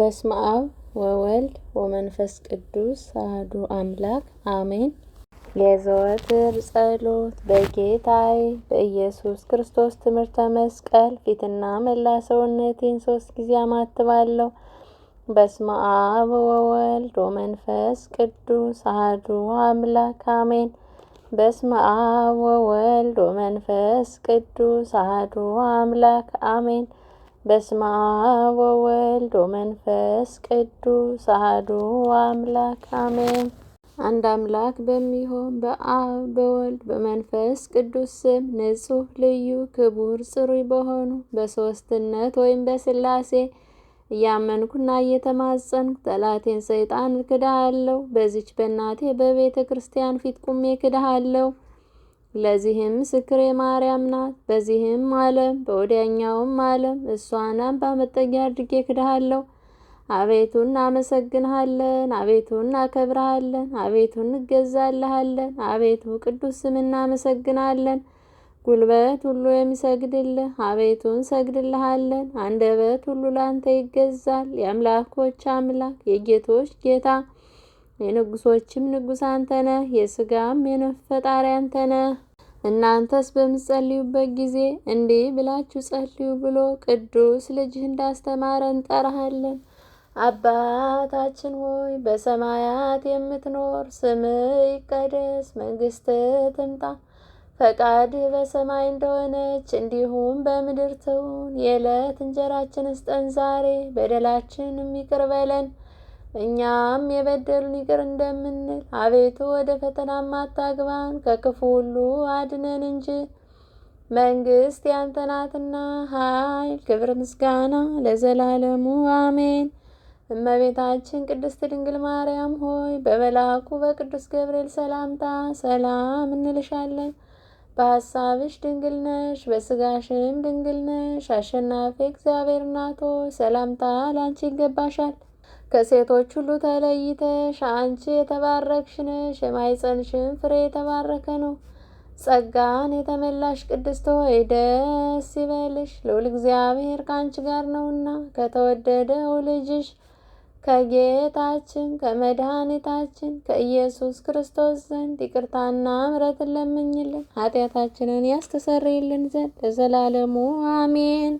በስመ አብ ወወልድ ወመንፈስ ቅዱስ አህዱ አምላክ አሜን። የዘወትር ጸሎት በጌታዬ በኢየሱስ ክርስቶስ ትምህርተ መስቀል ፊትና መላ ሰውነቴን ሶስት ጊዜ አማትባለሁ። በስመ አብ ወወልድ ወመንፈስ ቅዱስ አህዱ አምላክ አሜን። በስመ አብ ወወልድ ወመንፈስ ቅዱስ አህዱ አምላክ አሜን። በስመ አብ ወወልድ ወመንፈስ ቅዱስ አሐዱ አምላክ አሜን። አንድ አምላክ በሚሆን በአብ በወልድ በመንፈስ ቅዱስ ስም ንጹሕ ልዩ ክቡር ጽሩይ በሆኑ በሦስትነት ወይም በሥላሴ እያመንኩና እየተማጸንኩ ጠላቴን ሰይጣን ክድሃለሁ። በዚች በእናቴ በቤተ ክርስቲያን ፊት ቁሜ ክድሃለሁ። ለዚህም ምስክሬ ማርያም ናት። በዚህም ዓለም በወዲያኛውም ዓለም እሷን አምባ መጠጊያ አድርጌ ክድሃለሁ። አቤቱ እናመሰግንሃለን፣ አቤቱ እናከብርሃለን፣ አቤቱ እንገዛልሃለን፣ አቤቱ ቅዱስ ስም እናመሰግናለን። ጉልበት ሁሉ የሚሰግድልህ አቤቱ እንሰግድልሃለን። አንደበት ሁሉ ላንተ ይገዛል። የአምላኮች አምላክ የጌቶች ጌታ የንጉሶችም ንጉሥ አንተ የስጋም የነፍስ ፈጣሪ እናንተስ በምትጸልዩበት ጊዜ እንዲህ ብላችሁ ጸልዩ ብሎ ቅዱስ ልጅ እንዳስተማረ እንጠራሃለን። አባታችን ሆይ በሰማያት የምትኖር፣ ስም ይቀደስ፣ መንግስት ትምጣ፣ ፈቃድ በሰማይ እንደሆነች እንዲሁም በምድር ትሁን። የዕለት እንጀራችን ስጠን ዛሬ፣ በደላችን ይቅር በለን እኛም የበደሉን ይቅር እንደምንል አቤቱ ወደ ፈተና አታግባን ከክፉ ሁሉ አድነን እንጂ መንግስት ያንተ ናትና ኃይል፣ ክብር፣ ምስጋና ለዘላለሙ አሜን። እመቤታችን ቅድስት ድንግል ማርያም ሆይ በመልአኩ በቅዱስ ገብርኤል ሰላምታ ሰላም እንልሻለን። በሀሳብሽ ድንግል ነሽ፣ በስጋሽም ድንግል ነሽ። አሸናፊ እግዚአብሔር እናት ሆይ ሰላምታ ላንቺ ይገባሻል። ከሴቶች ሁሉ ተለይተሽ አንቺ የተባረክሽ ነሽ፣ የማኅፀንሽን ፍሬ የተባረከ ነው። ጸጋን የተመላሽ ቅድስት ሆይ ደስ ይበልሽ፣ ልዑል እግዚአብሔር ከአንቺ ጋር ነውና ከተወደደው ልጅሽ ከጌታችን ከመድኃኒታችን ከኢየሱስ ክርስቶስ ዘንድ ይቅርታና ምሕረትን ለምኝልን ኃጢአታችንን ያስተሰርይልን ዘንድ ለዘላለሙ አሜን።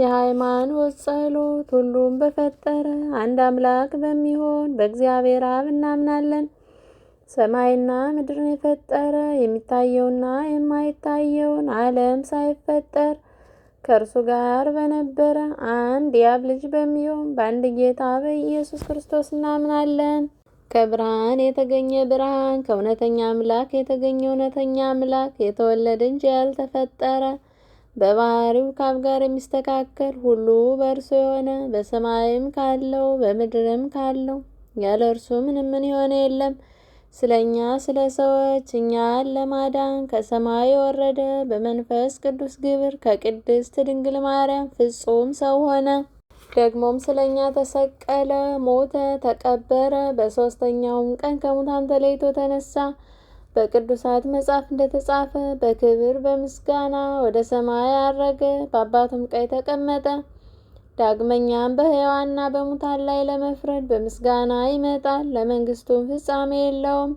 የሃይማኖት ጸሎት ሁሉም በፈጠረ አንድ አምላክ በሚሆን በእግዚአብሔር አብ እናምናለን። ሰማይና ምድርን የፈጠረ የሚታየውና የማይታየውን ዓለም ሳይፈጠር ከእርሱ ጋር በነበረ አንድ የአብ ልጅ በሚሆን በአንድ ጌታ በኢየሱስ ክርስቶስ እናምናለን። ከብርሃን የተገኘ ብርሃን፣ ከእውነተኛ አምላክ የተገኘ እውነተኛ አምላክ፣ የተወለደ እንጂ ያልተፈጠረ በባህሪው ካብ ጋር የሚስተካከል ሁሉ በእርሱ የሆነ በሰማይም ካለው በምድርም ካለው ያለ እርሱ ምንም ምን የሆነ የለም። ስለ እኛ ስለ ሰዎች እኛን ለማዳን ከሰማይ የወረደ በመንፈስ ቅዱስ ግብር ከቅድስት ድንግል ማርያም ፍጹም ሰው ሆነ። ደግሞም ስለ እኛ ተሰቀለ፣ ሞተ፣ ተቀበረ፣ በሦስተኛውም ቀን ከሙታን ተለይቶ ተነሳ። በቅዱሳት መጽሐፍ እንደተጻፈ በክብር በምስጋና ወደ ሰማይ አረገ፣ በአባቱም ቀኝ ተቀመጠ። ዳግመኛም በሕያዋንና በሙታን ላይ ለመፍረድ በምስጋና ይመጣል፣ ለመንግስቱም ፍጻሜ የለውም።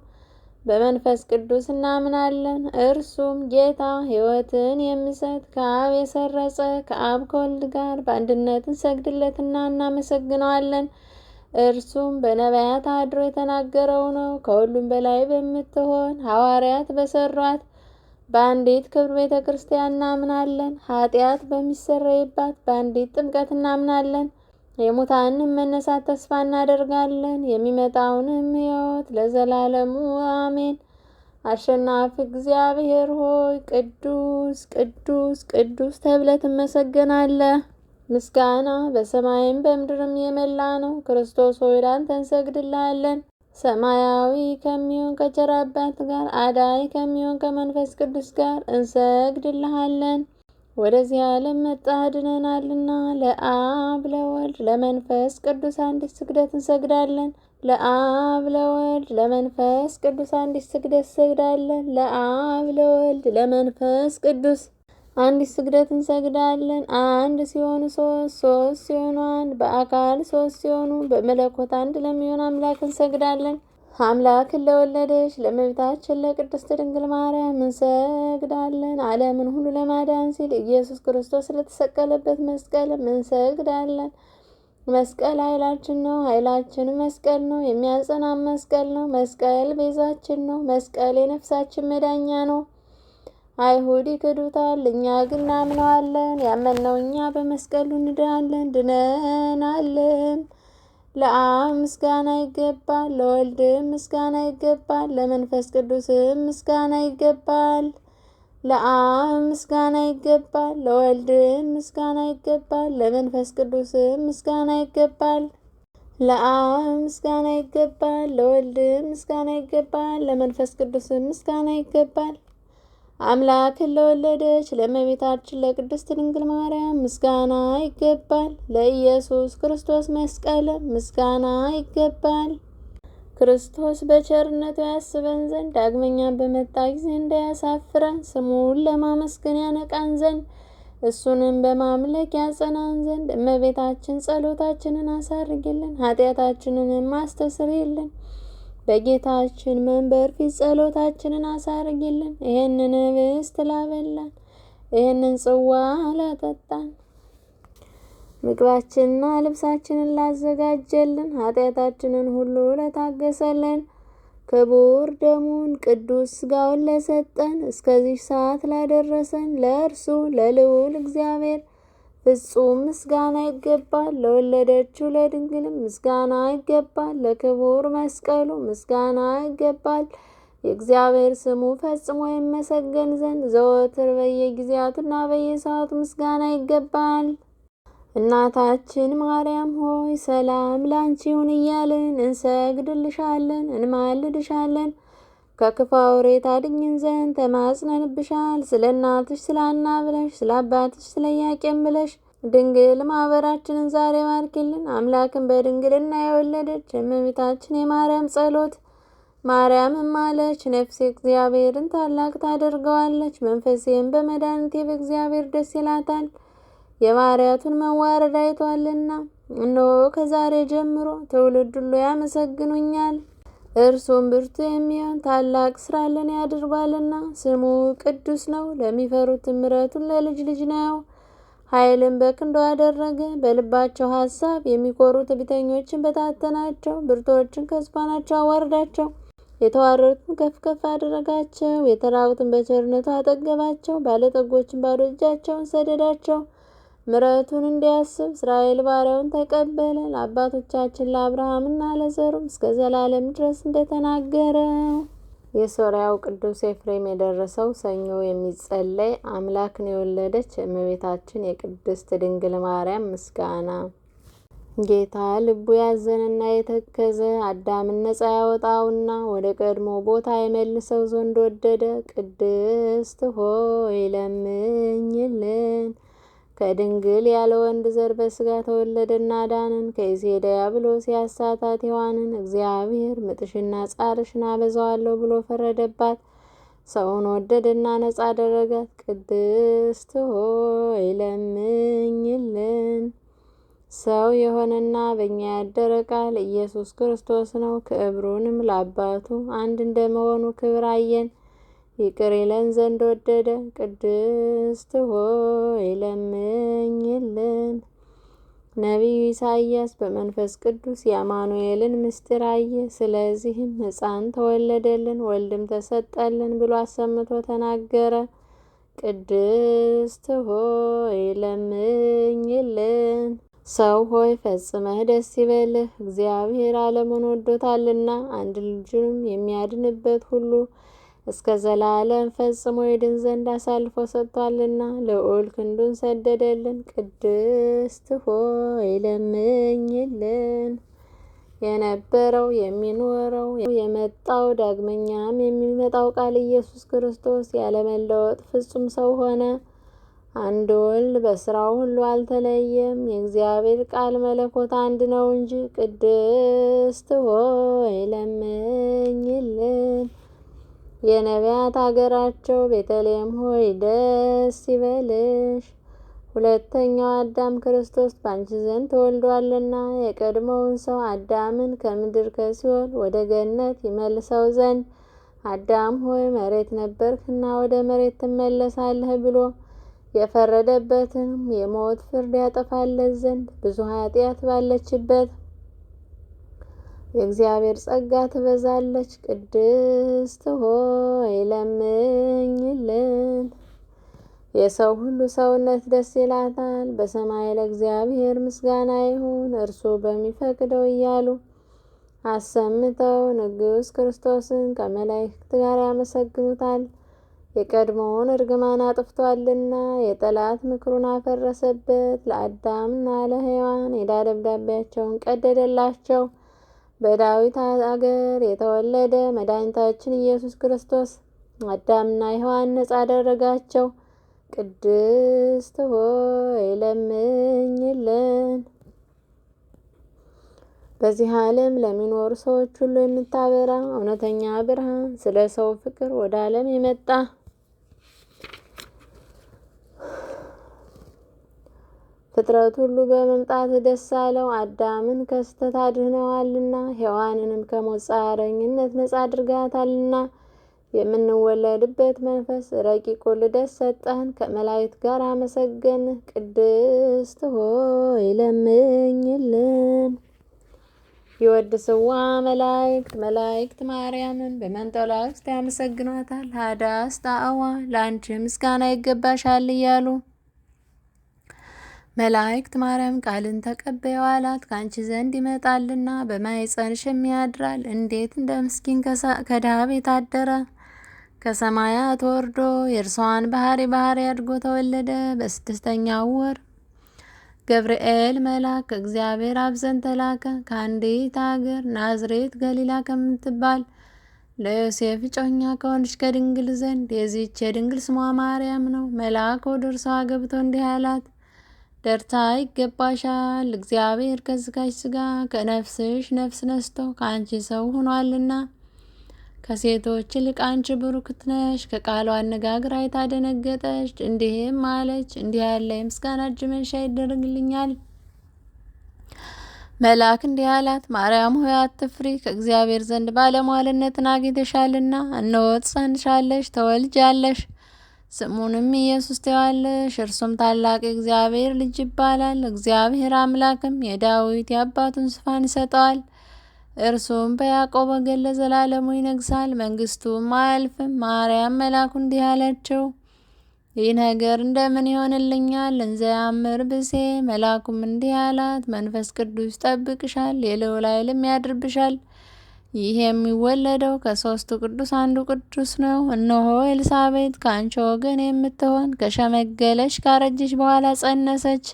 በመንፈስ ቅዱስ እናምናለን፣ እርሱም ጌታ ሕይወትን የሚሰጥ ከአብ የሰረጸ ከአብ ከወልድ ጋር በአንድነት እንሰግድለትና እናመሰግነዋለን። እርሱም በነቢያት አድሮ የተናገረው ነው። ከሁሉም በላይ በምትሆን ሐዋርያት በሰሯት በአንዲት ክብር ቤተ ክርስቲያን እናምናለን። ኃጢአት በሚሰረይባት በአንዲት ጥምቀት እናምናለን። የሙታን መነሳት ተስፋ እናደርጋለን። የሚመጣውንም ሕይወት ለዘላለሙ አሜን። አሸናፊ እግዚአብሔር ሆይ ቅዱስ ቅዱስ ቅዱስ ተብለት ትመሰገናለህ። ምስጋና በሰማይም በምድርም የመላ ነው። ክርስቶስ ሆይ ላንተ እንሰግድልሃለን። ሰማያዊ ከሚሆን ከቸር አባት ጋር አዳይ ከሚሆን ከመንፈስ ቅዱስ ጋር እንሰግድልሃለን። ወደዚህ ዓለም መጣ ድነናልና፣ ለአብ ለወልድ ለመንፈስ ቅዱስ አንዲት ስግደት እንሰግዳለን። ለአብ ለወልድ ለመንፈስ ቅዱስ አንዲት ስግደት እንሰግዳለን። ለአብ ለወልድ ለመንፈስ ቅዱስ አንድ ስግደት እንሰግዳለን። አንድ ሲሆኑ ሶስት ሶስት ሲሆኑ አንድ በአካል ሶስት ሲሆኑ በመለኮት አንድ ለሚሆን አምላክ እንሰግዳለን። አምላክን ለወለደች ለእመቤታችን ለቅድስት ድንግል ማርያም እንሰግዳለን። ዓለምን ሁሉ ለማዳን ሲል ኢየሱስ ክርስቶስ ስለተሰቀለበት መስቀልም እንሰግዳለን። መስቀል ኃይላችን ነው። ኃይላችን መስቀል ነው። የሚያጸናም መስቀል ነው። መስቀል ቤዛችን ነው። መስቀል የነፍሳችን መዳኛ ነው። አይሁድ ይክዱታል፣ እኛ ግን እናምነዋለን። ያመነው እኛ በመስቀሉ እንድናለን፣ ድነናለን። ለአብ ምስጋና ይገባል፣ ለወልድ ምስጋና ይገባል፣ ለመንፈስ ቅዱስ ምስጋና ይገባል። ለአብ ምስጋና ይገባል፣ ለወልድ ምስጋና ይገባል፣ ለመንፈስ ቅዱስ ምስጋና ይገባል። ለአብ ምስጋና ይገባል፣ ለወልድ ምስጋና ይገባል፣ ለመንፈስ ቅዱስ ምስጋና ይገባል። አምላክን ለወለደች ለእመቤታችን ለቅድስት ድንግል ማርያም ምስጋና ይገባል። ለኢየሱስ ክርስቶስ መስቀል ምስጋና ይገባል። ክርስቶስ በቸርነቱ ያስበን ዘንድ ዳግመኛ በመጣ ጊዜ እንዳያሳፍረን ስሙን ለማመስገን ያነቃን ዘንድ እሱንም በማምለክ ያጸናን ዘንድ እመቤታችን ጸሎታችንን አሳርግልን፣ ኃጢአታችንንም አስተስርይልን በጌታችን መንበር ፊት ጸሎታችንን አሳርጊልን። ይህንን ህብስት ላበላን፣ ይህንን ጽዋ ላጠጣን፣ ምግባችንና ልብሳችንን ላዘጋጀልን፣ ኃጢአታችንን ሁሉ ለታገሰልን፣ ክቡር ደሙን ቅዱስ ስጋውን ለሰጠን፣ እስከዚህ ሰዓት ላደረሰን ለእርሱ ለልዑል እግዚአብሔር ፍጹም ምስጋና ይገባል። ለወለደችው ለድንግልም ምስጋና ይገባል። ለክቡር መስቀሉ ምስጋና ይገባል። የእግዚአብሔር ስሙ ፈጽሞ ይመሰገን ዘንድ ዘወትር በየጊዜያቱና በየሰዓቱ ምስጋና ይገባል። እናታችን ማርያም ሆይ ሰላም ላንቺ ይሁን እያልን እንሰግድልሻለን፣ እንማልድሻለን ከክፉ አውሬ ታድኝን ዘንድ ተማጽነንብሻል። ስለ እናትሽ ስለ አና ብለሽ ስለ አባትሽ ስለ ያቄም ብለሽ ድንግል ማህበራችንን ዛሬ ባርኪልን። አምላክን በድንግልና የወለደች እመቤታችን የማርያም ጸሎት ማርያምም ማለች ነፍሴ እግዚአብሔርን ታላቅ ታደርገዋለች፣ መንፈሴም በመድኃኒቴ በእግዚአብሔር ደስ ይላታል። የባሪያቱን መዋረድ አይቷልና፣ እነሆ ከዛሬ ጀምሮ ትውልድ ሁሉ ያመሰግኑኛል። እርሱም ብርቱ የሚሆን ታላቅ ስራ ለን ያድርጓልና ስሙ ቅዱስ ነው። ለሚፈሩት ምሕረቱን ለልጅ ልጅ ነው። ኃይልን በክንዶ አደረገ። በልባቸው ሐሳብ የሚኮሩ ትዕቢተኞችን በታተናቸው። ብርቶችን ከዙፋናቸው አዋረዳቸው። የተዋረዱትን ከፍ ከፍ አደረጋቸው። የተራቡትን በቸርነቱ አጠገባቸው። ባለጠጎችን ባዶ እጃቸውን ሰደዳቸው። ምረቱን እንዲያስብ እስራኤል ባሪያውን ተቀበለ። ለአባቶቻችን ለአብርሃምና ለዘሩም እስከ ዘላለም ድረስ እንደተናገረ የሶርያው ቅዱስ ኤፍሬም የደረሰው ሰኞ የሚጸለይ አምላክን የወለደች እመቤታችን የቅድስት ድንግል ማርያም ምስጋና። ጌታ ልቡ ያዘነና የተከዘ አዳምን ነጻ ያወጣውና ወደ ቀድሞ ቦታ የመልሰው ዘንድ ወደደ። ቅድስት ሆይ ለምኝል ከድንግል ያለ ወንድ ዘር በስጋ ተወለደና ዳንን። ከእሴይ ዲያብሎስ ያሳታት ሔዋንን እግዚአብሔር ምጥሽና ጻርሽን አበዛዋለሁ ብሎ ፈረደባት። ሰውን ወደደና ነጻ አደረጋት። ቅድስት ሆይ ለምኝልን። ሰው የሆነና በእኛ ያደረ ቃል ኢየሱስ ክርስቶስ ነው። ክብሩንም ለአባቱ አንድ እንደመሆኑ ክብር አየን። ይቅር ይለን ዘንድ ወደደ። ቅድስት ሆይ ለምኝልን። ነቢዩ ኢሳይያስ በመንፈስ ቅዱስ የአማኑኤልን ምስጢር አየ፣ ስለዚህም ሕፃን ተወለደልን ወልድም ተሰጠልን ብሎ አሰምቶ ተናገረ። ቅድስት ሆይ ለምኝልን። ሰው ሆይ ፈጽመህ ደስ ይበልህ፣ እግዚአብሔር ዓለሙን ወዶታልና አንድ ልጁንም የሚያድንበት ሁሉ እስከ ዘላለም ፈጽሞ ይድን ዘንድ አሳልፎ ሰጥቷልና ልዑል ክንዱን ሰደደልን። ቅድስት ሆይ ለምኝልን። የነበረው የሚኖረው የመጣው ዳግመኛም የሚመጣው ቃል ኢየሱስ ክርስቶስ ያለመለወጥ ፍጹም ሰው ሆነ። አንድ ወልድ በስራው ሁሉ አልተለየም። የእግዚአብሔር ቃል መለኮት አንድ ነው እንጂ። ቅድስት ሆይ ለምኝልን። የነቢያት አገራቸው ቤተልሔም ሆይ ደስ ይበልሽ። ሁለተኛው አዳም ክርስቶስ ባንቺ ዘንድ ተወልዷልና የቀድሞውን ሰው አዳምን ከምድር ከሲኦል ወደ ገነት ይመልሰው ዘንድ አዳም ሆይ መሬት ነበርክና ወደ መሬት ትመለሳለህ ብሎ የፈረደበትም የሞት ፍርድ ያጠፋለት ዘንድ ብዙ ኃጢአት ባለችበት የእግዚአብሔር ጸጋ ትበዛለች። ቅድስት ሆይ ለምኝልን። የሰው ሁሉ ሰውነት ደስ ይላታል። በሰማይ ለእግዚአብሔር ምስጋና ይሁን፣ እርሱ በሚፈቅደው እያሉ አሰምተው ንጉሥ ክርስቶስን ከመላእክት ጋር ያመሰግኑታል። የቀድሞውን እርግማን አጥፍቷልና የጠላት ምክሩን አፈረሰበት። ለአዳምና ለሔዋን የዕዳ ደብዳቤያቸውን ቀደደላቸው። በዳዊት አገር የተወለደ መድኃኒታችን ኢየሱስ ክርስቶስ አዳምና ሔዋን ነጻ አደረጋቸው። ቅድስት ሆይ ለምኝልን። በዚህ ዓለም ለሚኖሩ ሰዎች ሁሉ የምታበራ እውነተኛ ብርሃን፣ ስለ ሰው ፍቅር ወደ ዓለም የመጣ ፍጥረት ሁሉ በመምጣት ደስ አለው። አዳምን ከስተት አድህነዋልና ሔዋንንም ከሞት ጻረኝነት ነጻ አድርጋታልና የምንወለድበት መንፈስ ረቂቁ ልደት ሰጠን። ከመላእክት ጋር አመሰገን። ቅድስት ሆይ ለምኝልን። ይወድስዋ መላእክት መላእክት ማርያምን በመንጠላእክት ያመሰግኗታል። ሀዳስ ጣዕዋ ለአንቺ ምስጋና ይገባሻል እያሉ መላእክት ማርያም ቃልን ተቀበየ አላት። ከአንቺ ዘንድ ይመጣልና በማኅፀንሽ ያድራል! እንዴት እንደ ምስኪን ከድሃ ቤት አደረ። ከሰማያት ወርዶ የእርሷን ባህሪ ባህሪ አድጎ ተወለደ። በስድስተኛው ወር ገብርኤል መልአክ ከእግዚአብሔር አብ ዘንድ ተላከ። ከአንዲት አገር ናዝሬት ገሊላ ከምትባል ለዮሴፍ ጮኛ ከሆነች ከድንግል ዘንድ የዚች የድንግል ስሟ ማርያም ነው። መልአክ ወደ እርሷ ገብቶ እንዲህ አላት ደርታ ይገባሻል። እግዚአብሔር ከስጋሽ ስጋ ከነፍስሽ ነፍስ ነስቶ ከአንቺ ሰው ሆኗልና ከሴቶች ይልቅ አንቺ ብሩክት ነሽ። ከቃሉ አነጋገር አይታ ደነገጠች፣ እንዲህም አለች፣ እንዲህ ያለ የምስጋና እጅ መንሻ ይደረግልኛል? መልአክ እንዲህ አላት፣ ማርያም ሆይ አትፍሪ፣ ከእግዚአብሔር ዘንድ ባለሟልነትን አግኝተሻልና። እነሆ ትጸንሻለሽ፣ ተወልጃለሽ ስሙንም ኢየሱስ ትዋለሽ፣ እርሱም ታላቅ የእግዚአብሔር ልጅ ይባላል። እግዚአብሔር አምላክም የዳዊት የአባቱን ዙፋን ይሰጠዋል። እርሱም በያዕቆብ ወገን ለዘላለሙ ይነግሳል፣ መንግስቱም አያልፍም። ማርያም መልአኩ እንዲህ አለችው፣ ይህ ነገር እንደምን ይሆንልኛል? ያምር ብሴ። መልአኩም እንዲህ አላት፣ መንፈስ ቅዱስ ይጠብቅሻል፣ የልዑል ኃይልም ያድርብሻል። ይህ የሚወለደው ከሶስቱ ቅዱስ አንዱ ቅዱስ ነው። እነሆ ኤልሳቤት ከአንቺ ወገን የምትሆን ከሸመገለች ካረጀች በኋላ ጸነሰች፣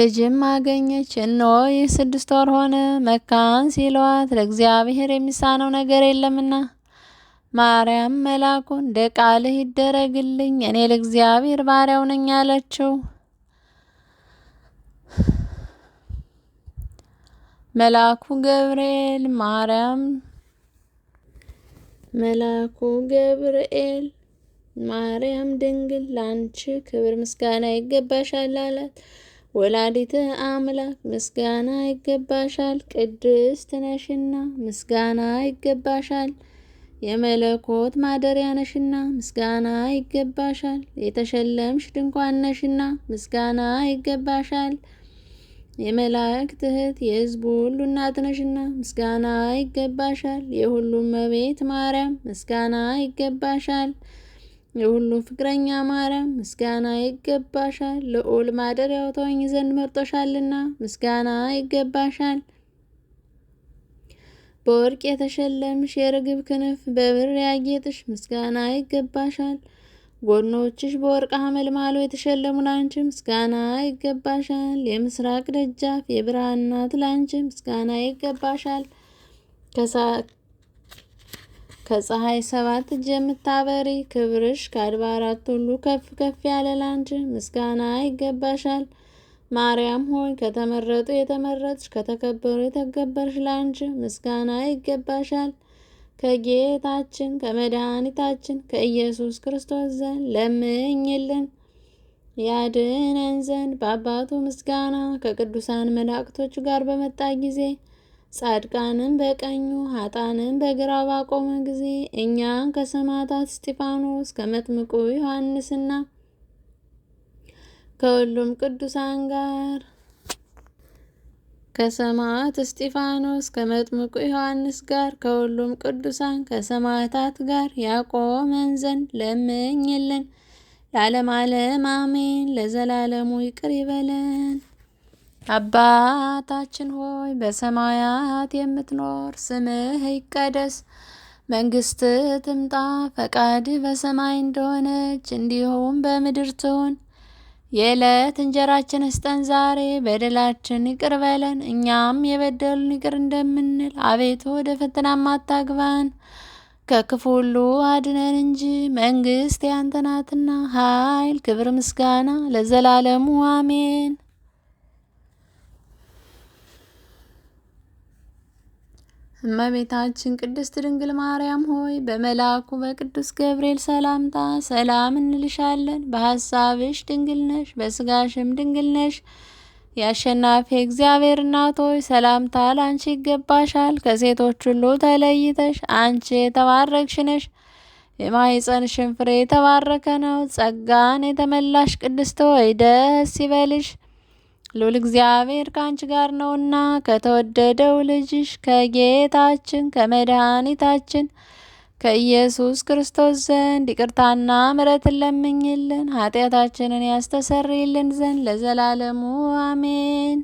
ልጅም አገኘች። እነሆ ይህ ስድስት ወር ሆነ፣ መካን ሲለዋት ለእግዚአብሔር የሚሳነው ነገር የለምና። ማርያም መላኩን ደቃልህ ይደረግልኝ፣ እኔ ለእግዚአብሔር ባሪያው ነኝ አለችው። መልአኩ ገብርኤል ማርያም መልአኩ ገብርኤል ማርያም ድንግል ላንቺ ክብር ምስጋና ይገባሻል አላት። ወላዲተ አምላክ ምስጋና ይገባሻል፣ ቅድስት ነሽና ምስጋና ይገባሻል። የመለኮት ማደሪያ ነሽና ምስጋና ይገባሻል። የተሸለምሽ ድንኳን ነሽና ምስጋና ይገባሻል። የመላእክት እህት የሕዝቡ ሁሉ እናት ነሽና ምስጋና ይገባሻል። የሁሉም መቤት ማርያም ምስጋና ይገባሻል። የሁሉ ፍቅረኛ ማርያም ምስጋና ይገባሻል። ልዑል ማደሪያው ተወኝ ዘንድ መርጦሻልና ምስጋና ይገባሻል። በወርቅ የተሸለምሽ የርግብ ክንፍ በብር ያጌጥሽ ምስጋና ይገባሻል። ጎኖችሽ በወርቅ ሐመልማሎ የተሸለሙ ላንቺ ምስጋና ይገባሻል። የምስራቅ ደጃፍ የብርሃን እናት ላንቺ ምስጋና ይገባሻል። ከፀሐይ ሰባት እጅ የምታበሪ ክብርሽ ከአድባራት ሁሉ ከፍ ከፍ ያለ ላንቺ ምስጋና ይገባሻል። ማርያም ሆይ ከተመረጡ የተመረጥሽ ከተከበሩ የተከበርሽ ላንቺ ምስጋና ይገባሻል። ከጌታችን ከመድኃኒታችን ከኢየሱስ ክርስቶስ ዘንድ ለምኝልን። ያድነን ዘንድ በአባቱ ምስጋና ከቅዱሳን መላእክቶቹ ጋር በመጣ ጊዜ ጻድቃንን በቀኙ ኃጣንን በግራ ባቆመ ጊዜ እኛን ከሰማዕታት እስጢፋኖስ ከመጥምቁ ዮሐንስና ከሁሉም ቅዱሳን ጋር ከሰማዕት እስጢፋኖስ ከመጥምቁ ዮሐንስ ጋር ከሁሉም ቅዱሳን ከሰማዕታት ጋር ያቆመን ዘንድ ለምኝልን። ለዓለም ዓለም አሜን። ለዘላለሙ ይቅር ይበለን። አባታችን ሆይ በሰማያት የምትኖር፣ ስምህ ይቀደስ፣ መንግሥት ትምጣ፣ ፈቃድህ በሰማይ እንደሆነች እንዲሁም በምድር ትሁን የዕለት እንጀራችን ስጠን ዛሬ፣ በደላችን ይቅር በለን እኛም የበደሉን ይቅር እንደምንል፣ አቤቱ ወደ ፈተና አታግባን ከክፉ ሁሉ አድነን እንጂ መንግስት ያንተ ናትና፣ ኃይል፣ ክብር፣ ምስጋና ለዘላለሙ አሜን። እመቤታችን ቅድስት ድንግል ማርያም ሆይ በመልአኩ በቅዱስ ገብርኤል ሰላምታ ሰላም እንልሻለን። በሐሳብሽ ድንግል ነሽ፣ በስጋሽም ድንግል ነሽ። የአሸናፊ እግዚአብሔር እናት ሆይ ሰላምታ ይገባሻል። ከሴቶች ሁሉ ተለይተሽ አንቺ የተባረክሽ ነሽ፣ የማኅፀንሽን ፍሬ የተባረከ ነው። ጸጋን የተመላሽ ቅድስት ሆይ ደስ ይበልሽ ልዑል እግዚአብሔር ከአንቺ ጋር ነውና ከተወደደው ልጅሽ ከጌታችን ከመድኃኒታችን ከኢየሱስ ክርስቶስ ዘንድ ይቅርታና ምሕረትን ለምኝልን ኃጢአታችንን ያስተሰርይልን ዘንድ ለዘላለሙ አሜን።